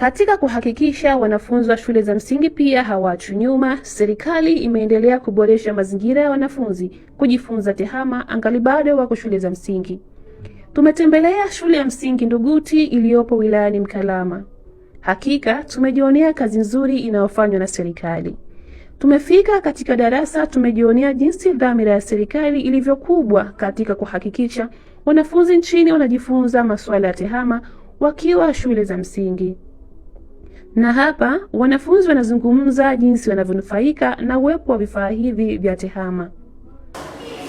Katika kuhakikisha wanafunzi wa shule za msingi pia hawaachwi nyuma, serikali imeendelea kuboresha mazingira ya wanafunzi kujifunza TEHAMA angali bado wako shule za msingi. Tumetembelea shule ya msingi Nduguti iliyopo wilayani Mkalama. Hakika tumejionea kazi nzuri inayofanywa na serikali. Tumefika katika darasa, tumejionea jinsi dhamira ya serikali ilivyokubwa katika kuhakikisha wanafunzi nchini wanajifunza masuala ya TEHAMA wakiwa shule za msingi. Na hapa wanafunzi wanazungumza jinsi wanavyonufaika na uwepo wa vifaa hivi vya TEHAMA.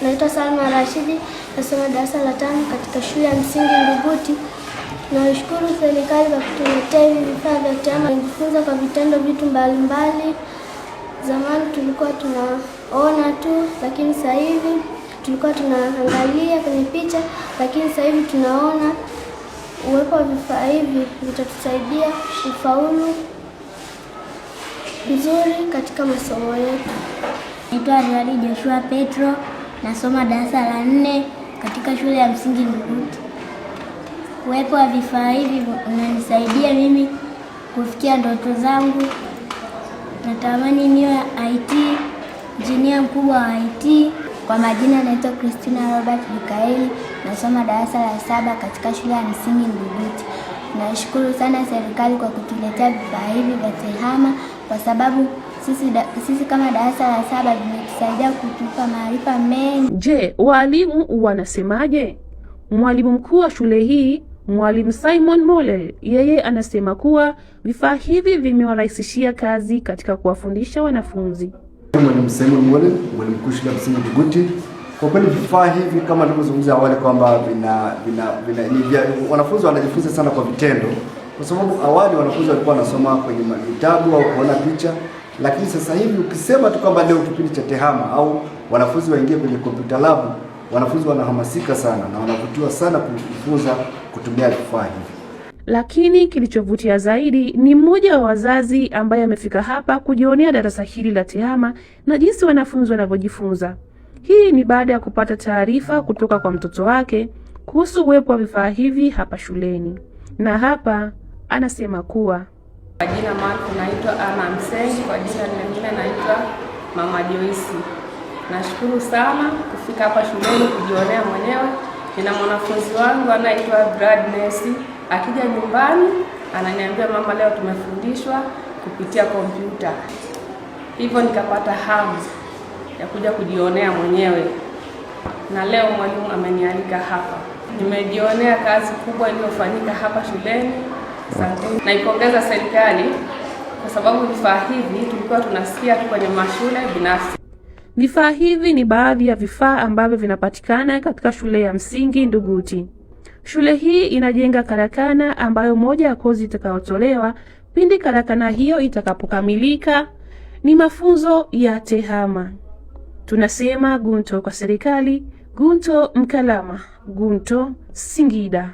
Naitwa Salma Rashidi, nasoma darasa la tano katika shule ya msingi Mbuguti. Naishukuru serikali kwa kutuletea hivi vifaa vya TEHAMA. Najifunza kwa vitendo vitu mbalimbali. Zamani tulikuwa tunaona tu, lakini sasa hivi tulikuwa tunaangalia kwenye picha, lakini sasa hivi tunaona Uwepo wa vifaa hivi vitatusaidia kufaulu vizuri katika masomo yetu. Naitwa Anwari Joshua Petro, nasoma darasa la nne katika shule ya msingi Nguruti. Uwepo wa vifaa hivi unanisaidia mimi kufikia ndoto zangu. Natamani niwe IT injinia mkubwa wa IT. Kwa majina naitwa Christina Robert Mikaeli nasoma darasa la saba katika shule ya msingi Mduditi. Nashukuru sana serikali kwa kutuletea vifaa hivi vya TEHAMA kwa sababu sisi, da, sisi kama darasa la saba vimetusaidia kutupa maarifa mengi. Je, walimu wanasemaje? Mwalimu mkuu wa shule hii Mwalimu Simon Mole yeye anasema kuwa vifaa hivi vimewarahisishia kazi katika kuwafundisha wanafunzi. Mwalimu Simon Mole, mwalimu mkuu shule ya msingi Mduditi kwa kweli vifaa hivi kama tulivyozungumza awali kwamba vina, vina, vina, wanafunzi wanajifunza sana kwa vitendo, kwa sababu awali wanafunzi walikuwa wanasoma kwenye vitabu au kuona picha, lakini sasa hivi ukisema tu kwamba leo kipindi cha tehama au wanafunzi waingie kwenye kompyuta labu, wanafunzi wanahamasika sana na wanavutiwa sana kujifunza kutumia vifaa hivi. Lakini kilichovutia zaidi ni mmoja wa wazazi ambaye amefika hapa kujionea darasa hili la tehama na jinsi wanafunzi wanavyojifunza. Hii ni baada ya kupata taarifa kutoka kwa mtoto wake kuhusu uwepo wa vifaa hivi hapa shuleni, na hapa anasema kuwa kwa jina Marko naitwa Ana Msengi, kwa jina lingine naitwa Mama Joyce. Nashukuru sana kufika hapa shuleni kujionea mwenyewe. Nina mwanafunzi wangu anaitwa Gladness, akija nyumbani ananiambia mama, leo tumefundishwa kupitia kompyuta, hivyo nikapata hamu ya kuja kujionea mwenyewe, na leo mwalimu amenialika hapa. Nimejionea kazi kubwa iliyofanyika hapa shuleni. Asanteni. Naipongeza serikali kwa sababu vifaa hivi tulikuwa tunasikia tu kwenye mashule binafsi. Vifaa hivi ni baadhi ya vifaa ambavyo vinapatikana katika shule ya msingi Nduguti. Shule hii inajenga karakana ambayo moja ya kozi itakayotolewa pindi karakana hiyo itakapokamilika ni mafunzo ya TEHAMA. Tunasema Gunto kwa serikali, Gunto Mkalama, Gunto Singida.